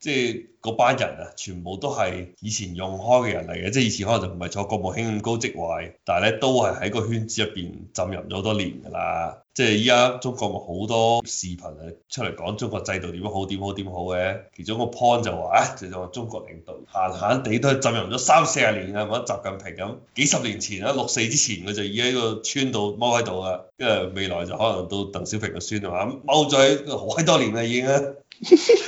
即係嗰班人啊，全部都係以前用開嘅人嚟嘅，即係以前可能就唔係坐國務卿咁高職位，但係咧都係喺個圈子入邊浸淫咗好多年噶啦。即係依家中國咪好多視頻啊出嚟講中國制度點樣好點好點好嘅，其中個 point 就話啊，就話、其實、中國領導閒閒地都浸淫咗三四十年啊，好似習近平咁。幾十年前啊，六四之前佢就已經喺個村度踎喺度啦，因為未來就可能到鄧小平嘅孫啊，話踎咗好多年啦已經啊。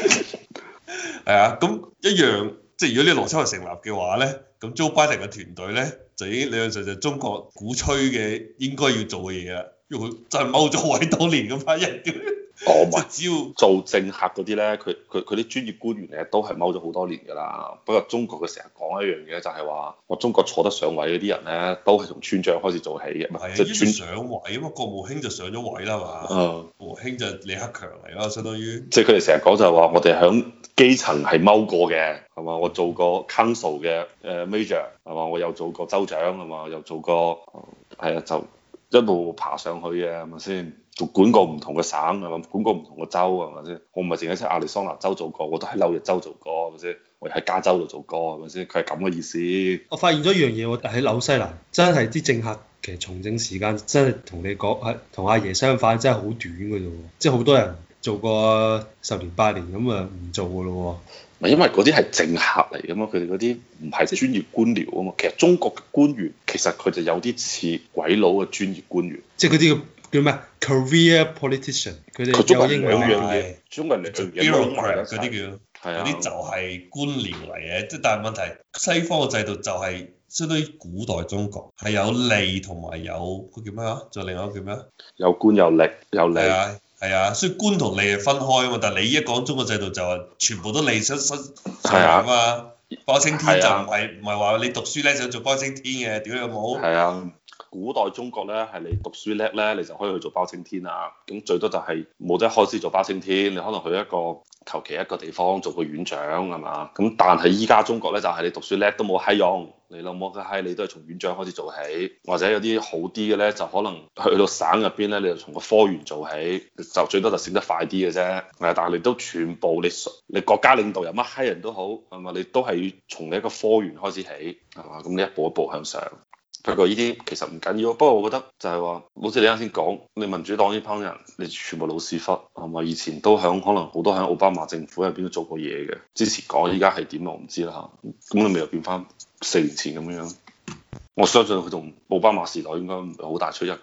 係啊，咁一樣。即係如果呢個邏輯係成立嘅話咧，咁 Joe Biden 嘅團隊咧，就已經理論上就，就中國鼓吹嘅應該要做嘅嘢啦，因為佢就係踎咗位多年咁樣。 我咪，哦、只要做政客嗰啲咧，佢佢佢啲專業官員嚟，都係踎咗好多年噶啦。不過中國佢成日講一樣嘢，就係話，我中國坐得上位嗰啲人咧，都係從村長開始做起嘅。係啊，就村上位咁啊，國務卿就上咗位啦嘛。嗯，國務卿就李克強嚟咯，相當於。即係佢哋成日講就係話，我哋喺基層係踎過嘅，係嘛？我做過 council 嘅誒 major，係嘛？我又做過州長，係嘛？又做，做過，係啊，啊，就一路爬上去嘅，係咪先？仲管過唔同嘅省啊，管過唔同嘅州啊，係咪先？我唔係淨係喺亞利桑那州做過，我都喺紐約州做過，係咪先？我喺加州度做過，係咪先？佢係咁嘅意思。我發現咗一樣嘢，我喺紐西蘭真係啲政客其實從政時間真係同你講係同阿爺相反，真係好短㗎啫。即係好多人做過十年八年咁啊，唔做㗎咯。唔係因為嗰啲係政客嚟嘅嘛，佢哋嗰啲唔係專業官僚啊嘛。其實中國嘅官員其實佢就有啲似鬼佬嘅專業官員。即係啲。叫咩啊？career politician 佢哋有影響嘅，中人嚟做官嗰啲叫，嗰啲就係官僚嚟嘅。即係但係問題，西方嘅制度就係相當於古代中國係有吏同埋有個叫咩啊？仲有另外一個叫咩啊？有官有吏，有吏係啊，所以官同吏係分開啊嘛。但係你一講中國制度就係全部都吏出身出嚟啊嘛。包青天就唔係，唔係話你讀書咧想做包青天嘅，屌有冇。係啊。古代中國咧，係你讀書叻咧，你就可以去做包青天啊。咁最多就係冇得開始做包青天，你可能去一個求其一個地方做個院長係嘛。咁但係依家中國咧，就係你讀書叻都冇閪用，你老母嘅閪，你都係從院長開始做起，或者有啲好啲嘅咧，就可能去到省入邊咧，你就從個科員做起，就最多就升得快啲嘅啫。係，但係你都全部你你國家領導人乜閪人都好，係嘛，你都係從你一個科員開始起，係嘛，咁你一步一步向上。不過依啲其實唔緊要，不過我覺得就係話，好似你啱先講，你民主黨呢班人，你全部老屎忽係咪？以前都響可能好多響奧巴馬政府入邊都做過嘢嘅，之前講依家係點我唔知啦嚇，咁你咪又變翻四年前咁樣。我相信佢同奧巴馬時代應該唔會好大出入啩，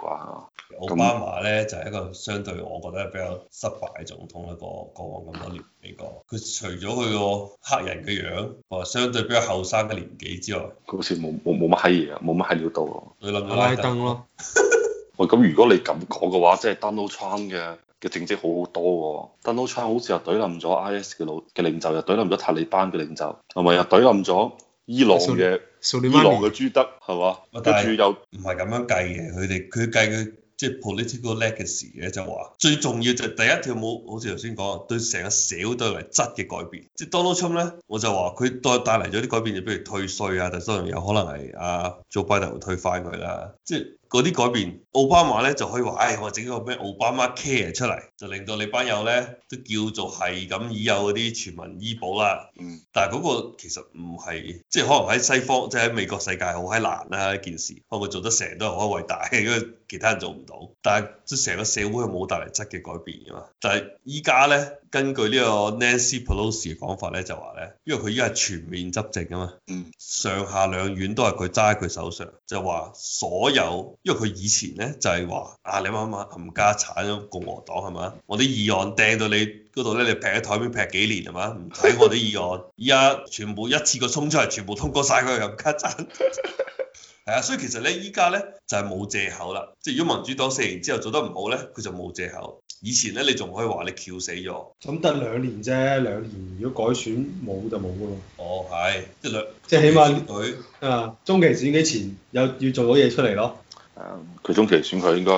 係奧巴馬咧就係、是、一個相對我覺得比較失敗總統一個過往咁多年美國。佢除咗佢個黑人嘅樣，或相對比較後生嘅年紀之外，好似冇冇冇乜閪嘢，冇乜閪料到。懟冧拉登咯。喂，咁如果你咁講嘅話，即、就、係、是、Donald Trump 嘅嘅政績好好多。Donald Trump 好似又懟冧咗 IS 嘅老嘅領袖，又懟冧咗塔利班嘅領袖，同埋又懟冧咗伊朗嘅。I assume. 蘇利伊羅嘅朱德係嘛？但係唔係咁樣計嘅，佢哋佢計佢即係、就是、political legacy 嘅就話，最重要就第一條冇好似頭先講，對成個少都係質嘅改變。即係 Donald Trump 咧，我就話佢帶帶嚟咗啲改變，就，是、就變比如退稅啊，但係當然可能係啊做拜 e 會退翻佢啦。即、就、係、是。嗰啲改變，奧巴馬咧就可以話，唉、哎，我整個咩奧巴馬 care 出嚟，就令到你班友咧都叫做係咁已有嗰啲全民醫保啦。嗯。但係嗰個其實唔係，即係可能喺西方，即係喺美國世界好閪難啦一件事。我哋做得成都係好偉大，因為其他人做唔到。但係，即係成個社會係冇帶嚟質嘅改變㗎嘛。但係依家咧。根據呢個 Nancy Pelosi 嘅講法咧，就話咧，因為佢依家全面執政啊嘛，上下兩院都係佢揸喺佢手上，就話所有，因為佢以前咧就係話啊，你諗下冚家產啊，共和黨係嘛？我啲議案掟到你嗰度咧，你劈喺台邊劈，面劈幾年係嘛？唔睇我啲議案，依家全部一次過衝出嚟，全部通過晒，佢個冚家鏟。係 啊，所以其實咧依家咧就係冇藉口啦，即係如果民主黨四年之後做得唔好咧，佢就冇藉口。以前咧，你仲可以話你翹死咗。咁得兩年啫，兩年如果改選冇就冇㗎咯。哦，係，即、即係、兩，即起碼佢，啊，中期選舉前又要做到嘢出嚟咯。佢、嗯、中期選舉應該，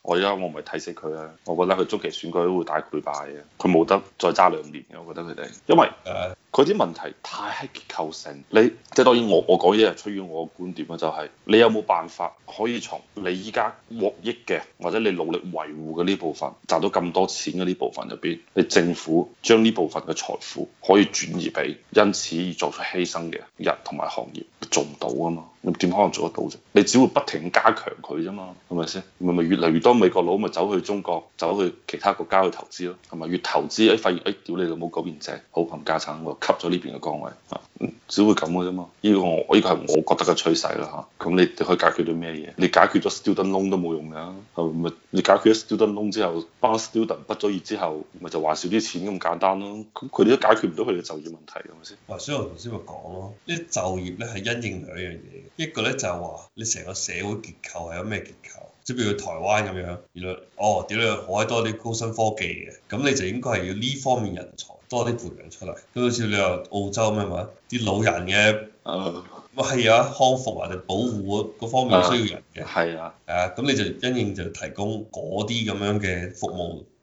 我而家我唔係睇死佢啊，我覺得佢中期選舉都會大敗嘅，佢冇得再揸兩年嘅，我覺得佢哋，因為。嗯嗰啲問題太係結構性，你即係當然我，我我講嘢出於我嘅觀點啊、就是，就係你有冇辦法可以從你依家獲益嘅，或者你努力維護嘅呢部分，賺到咁多錢嘅呢部分入邊，你政府將呢部分嘅財富可以轉移俾因此而作出犧牲嘅人同埋行業，做唔到啊嘛，你點可能做得到啫？你只會不停加強佢啫嘛，係咪先？咪咪越嚟越多美國佬咪走去中國，走去其他國家去投資咯，係咪越投資誒、哎、發現誒、哎、屌你老母九連者，好冚家產。吸咗呢邊嘅崗位，只會咁嘅啫嘛。呢個我依個係我覺得嘅趨勢啦嚇。咁你你可以解決到咩嘢？你解決咗 student loan 都冇用㗎，係咪？你解決咗 student loan 之後，班 student 畢咗業之後，咪就話少啲錢咁簡單咯。咁佢哋都解決唔到佢哋嘅就業問題，係咪先？嗱，所以我頭先咪講咯。啲就業咧係因應兩樣嘢，一個咧就係話你成個社會結構係有咩結構？即譬如台灣咁樣，原來哦屌你，我喺多啲高新科技嘅，咁你就應該係要呢方面人才。多啲培養出嚟，咁好似你話澳洲咩話，啲老人嘅，uh, 啊，咪係啊，康復或者保護嗰方面需要人嘅，係啊，係啊，咁你就因應就提供嗰啲咁樣嘅服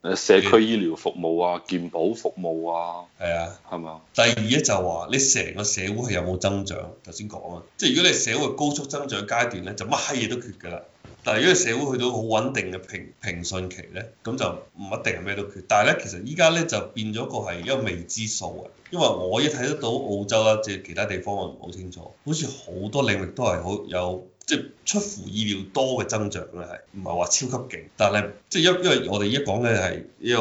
務，誒社區醫療服務啊，健保服務啊，係啊，係嘛吧？第二咧就話、是、你成個社會係有冇增長？頭先講啊，即係如果你係社會高速增長階段咧，就乜閪嘢都缺㗎啦。但係因為社會去到好穩定嘅平平順期咧，咁就唔一定係咩都缺。但係咧，其實依家咧就變咗個係一個未知數啊。因為我一睇得到澳洲啦，即係其他地方我唔好清楚。好似好多領域都係好有即係、就是、出乎意料多嘅增長咧，係唔係話超級勁？但係即係因因為我哋依家講嘅係呢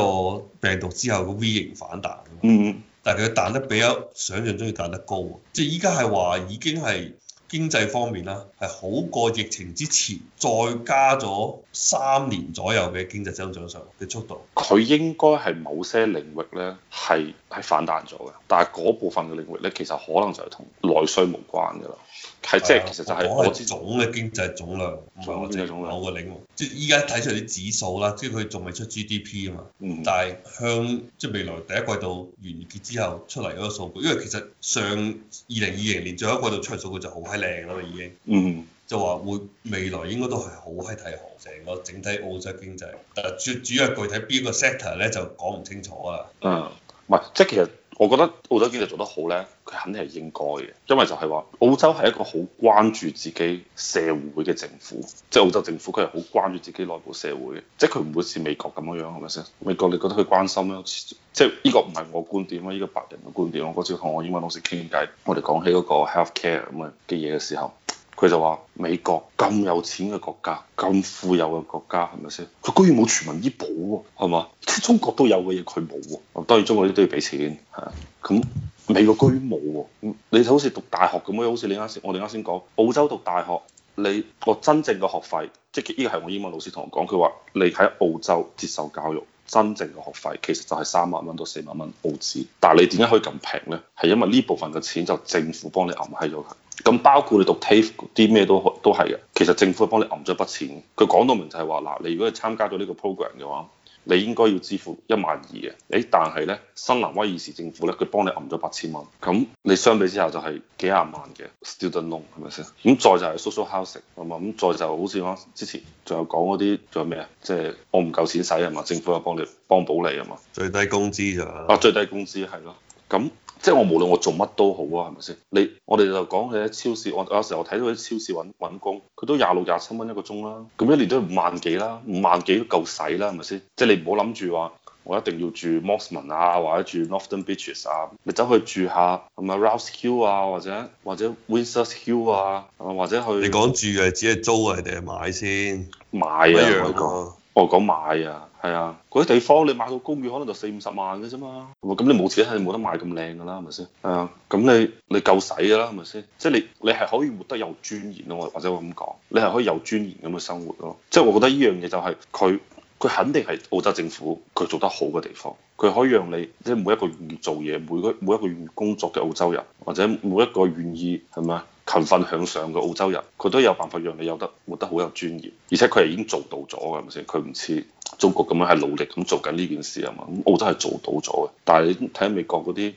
個病毒之後嘅 V 型反彈，嗯，但係佢彈得比較想像中要彈得高喎。即係依家係話已經係。經濟方面啦，係好過疫情之前，再加咗三年左右嘅經濟增長上嘅速度。佢應該係某些領域咧，係係反彈咗嘅。但係嗰部分嘅領域咧，其實可能就係同內需無關㗎啦。係即係其實就係、係、我總嘅經濟總量，唔係我淨某個領域。即係依家睇出嚟啲指數啦，即係佢仲未出 GDP 啊嘛。嗯。但係向即係未來第一季度完結之後出嚟嗰個數據，因為其實上二零二零年最後一季度出嚟數據就好係。正咯，已經嗯，就話會未來應該都係好喺睇成個，整體澳洲經濟，但係最主要係具體邊個 sector 咧就講唔清楚啦。嗯，唔係、嗯、即係其實。我覺得澳洲經濟做得好咧，佢肯定係應該嘅，因為就係話澳洲係一個好關注自己社會嘅政府，即係澳洲政府佢係好關注自己內部社會嘅，即係佢唔會似美國咁樣樣係咪先？美國你覺得佢關心咧，即係呢個唔係我觀點啊，呢個白人嘅觀點。我嗰次同我英文老師傾偈，我哋講起嗰個 health care 咁嘅嘅嘢嘅時候。佢就話：美國咁有錢嘅國家，咁富有嘅國家，係咪先？佢居然冇全民醫保喎、啊，係嘛？中國都有嘅嘢佢冇喎。當然中國啲都要俾錢，係。咁美國居然冇喎、啊。你好似讀大學咁樣，好似你啱先，我哋啱先講澳洲讀大學，你個真正嘅學費，即係呢個係我英文老師同我講，佢話你喺澳洲接受教育真正嘅學費其實就係三萬蚊到四萬蚊澳紙，但係你點解可以咁平呢？係因為呢部分嘅錢就政府幫你暗閪咗佢。咁包括你讀 TAFE 啲咩都都係嘅，其實政府幫你揞咗一筆錢，佢講到明就係話嗱，你如果係參加咗呢個 program 嘅話，你應該要支付一萬二嘅，誒，但係咧新南威爾士政府咧，佢幫你揞咗八千蚊，咁你相比之下就係幾廿萬嘅 student loan 係咪先？咁再就係 social housing 係嘛，咁再就好似我之前仲有講嗰啲仲有咩啊？即係我唔夠錢使係嘛，政府又幫你幫補你係嘛？最低工資咋？啊，最低工資係咯，咁。即係我無論我做乜都好啊，係咪先？你我哋就講起喺超市，我有時候睇到喺超市揾揾工，佢都廿六廿七蚊一個鐘啦，咁一年都五萬幾啦，五萬幾都夠使啦，係咪先？即係你唔好諗住話我一定要住 Mosman 啊，或者住 Northern Beaches 啊，咪走去住下係咪 Rouse Hill 啊，或者或者 Windsor Hill 啊，或者去、啊你。你講住嘅，只係租啊，定係買先？買啊！一樣啊！我講買啊！係啊，嗰啲地方你買套公寓可能就四五十萬嘅啫嘛。咁你冇錢係冇得買咁靚㗎啦，係咪先？係啊，咁你你夠使㗎啦，係咪先？即係你你係可以活得有尊嚴咯，我或者我咁講，你係可以有尊嚴咁去生活咯。即係我覺得呢樣嘢就係佢佢肯定係澳洲政府佢做得好嘅地方，佢可以讓你即係每一個願意做嘢、每個每一個願意工作嘅澳洲人，或者每一個願意係咪勤奮向上嘅澳洲人，佢都有辦法讓你有得活得好有尊嚴，而且佢係已經做到咗㗎，係咪先？佢唔似。中國咁樣係努力咁做緊呢件事啊嘛，咁澳洲係做到咗嘅，但係你睇下美國嗰啲，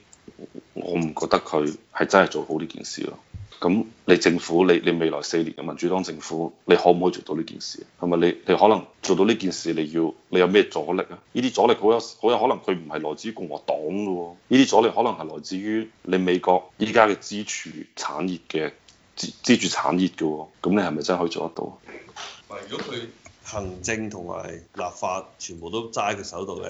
我唔覺得佢係真係做好呢件事咯。咁你政府，你你未來四年嘅民主黨政府，你可唔可以做到呢件事？係咪你你可能做到呢件事，你要你有咩阻力啊？呢啲阻力好有好有可能佢唔係來自共和黨嘅喎、哦，呢啲阻力可能係來自於你美國依家嘅支柱產業嘅支支柱產業嘅喎、哦，咁你係咪真係可以做得到？唔係如果佢？行政同埋立法全部都揸喺佢手度呢，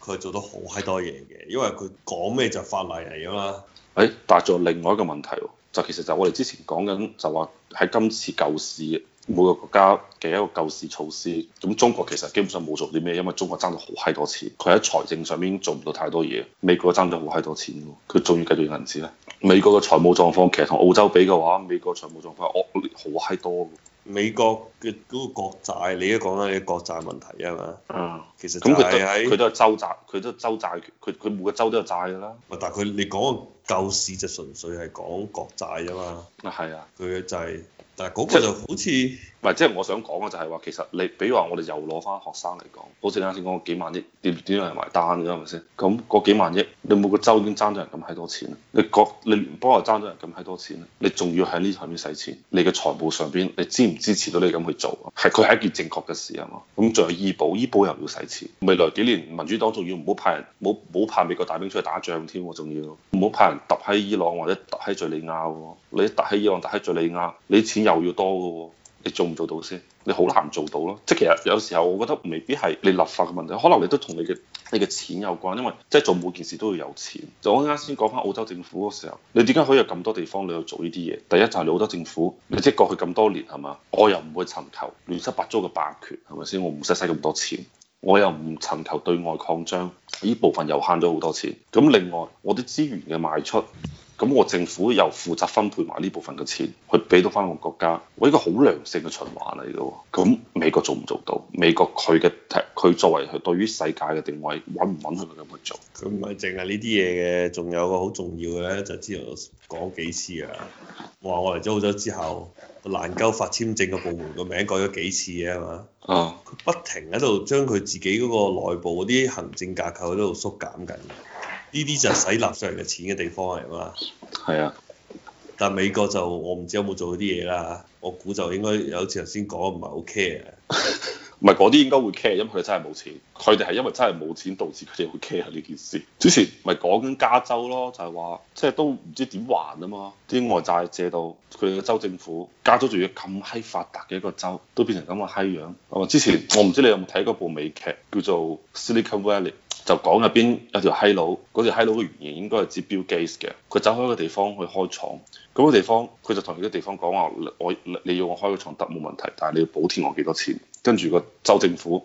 佢係做到好閪多嘢嘅，因為佢講咩就法例嚟噶嘛。誒、欸，但係仲有另外一個問題，就其實就我哋之前講緊，就話喺今次救市每個國家嘅一個救市措施，咁中國其實基本上冇做啲咩，因為中國爭到好閪多錢，佢喺財政上面做唔到太多嘢。美國爭咗好閪多錢，佢仲要繼續印銀紙。紙美國嘅財務狀況其實同澳洲比嘅話，美國財務狀況惡劣好閪多。美國嘅嗰個國債，你都講緊你啲國債問題啊嘛，嗯、其實佢哋喺佢都係州債，佢都州債佢佢每個州都有債㗎啦。但係佢你講舊市就純粹係講國債啊嘛。嗯、啊，係啊，佢嘅債，但係嗰個就好似。他嗯唔係，即係我想講嘅就係話，其實你比如話我哋又攞翻學生嚟講，好似你啱先講幾萬億點點樣嚟埋單㗎？係咪先？咁嗰幾萬億，你每個州已經爭咗人咁閪多錢啦，你個你聯邦又爭咗人咁閪多錢啦，你仲要喺呢上面使錢，你嘅財務上邊你支唔支持到你咁去做？係佢係一件正確嘅事係嘛？咁仲有醫保，醫保又要使錢。未來幾年民主黨仲要唔好派人，唔好派美國大兵出去打仗添喎，仲要唔好派人揼喺伊朗或者揼喺敘利亞喎。你揼喺伊朗、揼喺敘利亞，你錢又要多㗎喎。你做唔做到先？你好難做到咯，即係其實有時候我覺得未必係你立法嘅問題，可能你都同你嘅你嘅錢有關，因為即係做每件事都要有錢。就我啱先講返澳洲政府嗰時候，你點解可以有咁多地方你去做呢啲嘢？第一就係澳洲政府，你即係過去咁多年係嘛，我又唔會尋求亂七八糟嘅霸權，係咪先？我唔使使咁多錢，我又唔尋求對外擴張，呢部分又慳咗好多錢。咁另外我啲資源嘅賣出。咁我政府又負責分配埋呢部分嘅錢，去俾到翻個國家，我依個好良性嘅循環嚟嘅。咁美國做唔做到？美國佢嘅佢作為佢對於世界嘅定位允唔允許佢咁去做？佢唔係淨係呢啲嘢嘅，仲有個好重要嘅咧，就之前我講幾次啊。話我嚟咗澳洲之後，難夠發簽證嘅部門個名改咗幾次嘅嘛。哦。佢不停喺度將佢自己嗰個內部嗰啲行政架構喺度縮減緊。呢啲就係洗納稅人嘅錢嘅地方嚟嘛？係啊，但美國就我唔知有冇做嗰啲嘢啦，我估就應該有似頭先講唔係 OK 嘅。 唔係嗰啲應該會 care，因為佢哋真係冇錢，佢哋係因為真係冇錢導致佢哋會 care 呢件事。之前咪講緊加州咯，就係、是、話、就是、即係都唔知點還啊嘛，啲外債借到佢哋嘅州政府。加州仲要咁閪發達嘅一個州，都變成咁嘅閪樣。我之前我唔知你有冇睇過部美劇叫做《Silicon Valley》，就講入邊有條閪佬，嗰條閪佬嘅原型應該係傑 a 基 e 嘅。佢走開一個地方去開廠，嗰、那個地方佢就同嗰啲地方講話：我，我你要我開個廠得冇問題，但係你要補貼我幾多錢。跟住個州政府、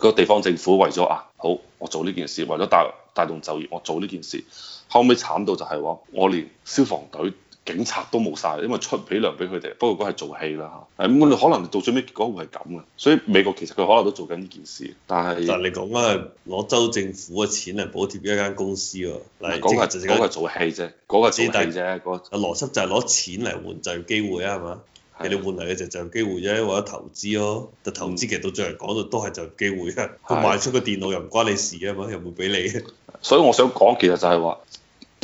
個地方政府為咗啊，好，我做呢件事，為咗帶帶動就業，我做呢件事。後尾慘到就係、是、我連消防隊、警察都冇晒，因為出唔起糧俾佢哋。不過嗰係做戲啦嚇，咁我哋可能到最尾結果會係咁嘅。所以美國其實佢可能都做緊呢件事。但係，但係你講緊係，攞州政府嘅錢嚟補貼一間公司，講係、那個、接做戲啫，講係接做戲啫。是個啊邏輯就係攞錢嚟換就業機會啊，係嘛？人哋換嚟嘅就就有機會啫，或者投資咯，但投資其實到最後講到都係就有機會啊！佢賣的出個電腦又唔關你事啊嘛，又唔會俾你。所以我想講，其實就係話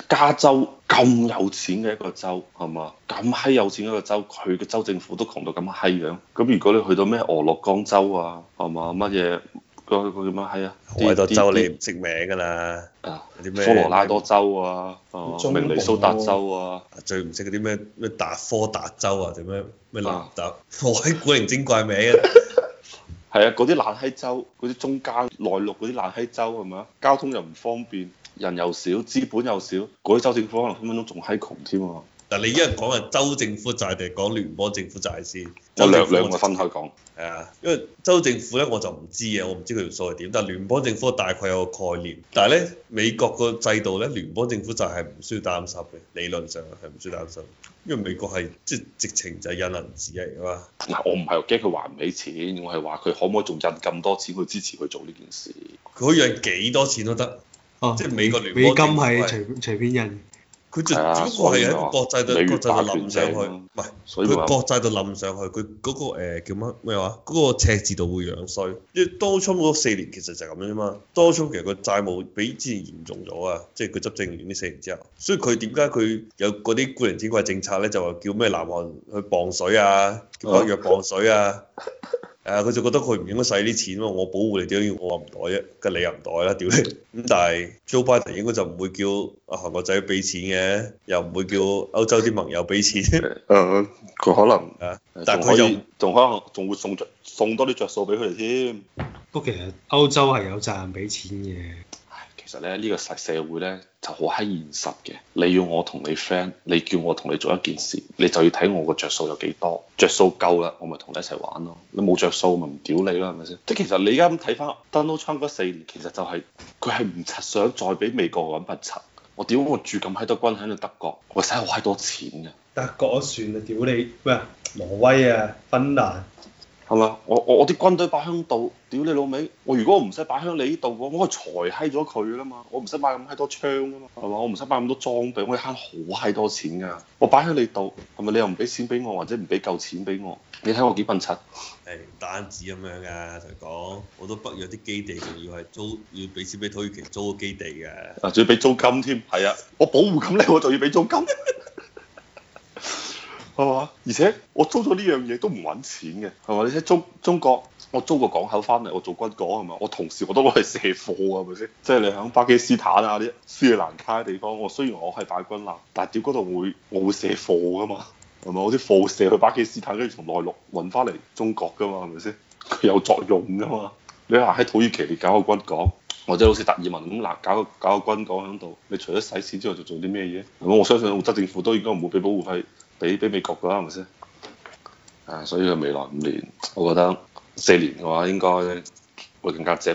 加州咁有錢嘅一個州，係嘛咁閪有錢一個州，佢嘅州政府都窮到咁閪樣。咁如果你去到咩俄勒岡州啊，係嘛乜嘢？嗰個叫咩？係啊，好多州你唔識名噶啦，啲咩科羅拉多州啊，啊哦、明尼蘇達州啊，最唔識嗰啲咩咩達科達州啊，定咩咩南達，我喺、啊、 古靈精怪名啊，係啊， 嗰啲爛閪州，嗰啲中間內陸嗰啲爛閪州係咪交通又唔方便，人又少，資本又少，嗰啲州政府可能分分鐘仲喺窮添。嗱，你依家講係州政府債定係講聯邦政府債先？我兩兩個分開講，係啊，因為州政府咧我就唔知啊，我唔知佢條數係點，但係聯邦政府大概有個概念。但係咧，美國個制度咧，聯邦政府債係唔需要擔心嘅，理論上係唔需要擔心，因為美國係即係直情就係印銀紙嚟㗎嘛。嗱，我唔係驚佢還唔起錢，我係話佢可唔可以仲印咁多錢去支持佢做呢件事？佢可以印幾多錢都得，哦、即係美國聯邦美金係隨隨便印。佢就的只不過係喺國際度，國際度冧上去，唔係佢國際度冧上去，佢嗰、嗰個、呃、叫乜咩話？嗰、嗰個赤字度會樣衰，因為當初嗰四年其實就係咁樣啫嘛。當初其實個債務比之前嚴重咗啊，即係佢執政完呢四年之後，所以佢點解佢有嗰啲古靈精怪嘅政策咧？就話叫咩？南韓去磅水啊，叫北約磅水啊？ 誒，佢就覺得佢唔應該使啲錢喎，我保護你，點解要我話唔袋啫？個你又唔袋啦，屌你！咁但係，Joe Biden 應該就唔會叫啊韓國仔俾錢嘅，又唔會叫歐洲啲盟友俾錢。誒、嗯，佢可能啊，但係佢又仲可能仲會送著送多啲着數俾佢哋添。不過其實歐洲係有責任俾錢嘅。其實咧呢個社社會咧就好閪現實嘅，你要我同你 friend，你叫我同你做一件事，你就要睇我個着數有幾多，着數夠啦，我咪同你一齊玩咯，你冇着數咪唔屌你啦，係咪先？即係其實你而家咁睇返 Donald Trump 嗰四年，其實就係佢係唔想再俾美國揾笨柒。我屌我住咁閪多軍喺度德國，我使咁閪多錢啊！德國算啦，屌你，喂，挪威啊、芬蘭。係嘛？我我我啲軍隊擺喺度，屌你老味！我如果唔使擺喺你依度嘅話，我係裁閪咗佢啦嘛！我唔使買咁閪多槍啊嘛，係嘛？我唔使買咁多裝備，我慳好閪多錢㗎！我擺喺你度，係咪你又唔俾錢俾我，或者唔俾夠錢俾我？你睇我幾笨柒？係單止咁樣㗎，啊，就講我都北約啲基地仲要係租，要俾錢俾土耳其租個基地㗎。啊！仲要俾租金添？係啊，我保護咁你，我仲要俾租金？ 係嘛？而且我租咗呢樣嘢都唔揾錢嘅，係嘛？而且中中國，我租個港口翻嚟，我做軍港係嘛？我同時我都攞嚟卸貨啊，係咪先？即係你喺巴基斯坦啊啲斯里蘭卡嘅地方，我雖然我係大軍艦，但係屌嗰度會我會卸貨噶嘛？係咪？我啲貨卸去巴基斯坦，跟住從內陸運翻嚟中國噶嘛？係咪先？佢有作用噶嘛？你話喺土耳其你搞個軍港，或者好似達爾文咁嗱，搞個搞個軍港喺度，你除咗使錢之外就，仲做啲咩嘢？咁我相信澳洲政府都應該唔會俾保護費。俾俾美國㗎，係咪先？啊，所以佢未來五年，我覺得四年嘅話應該會更加正。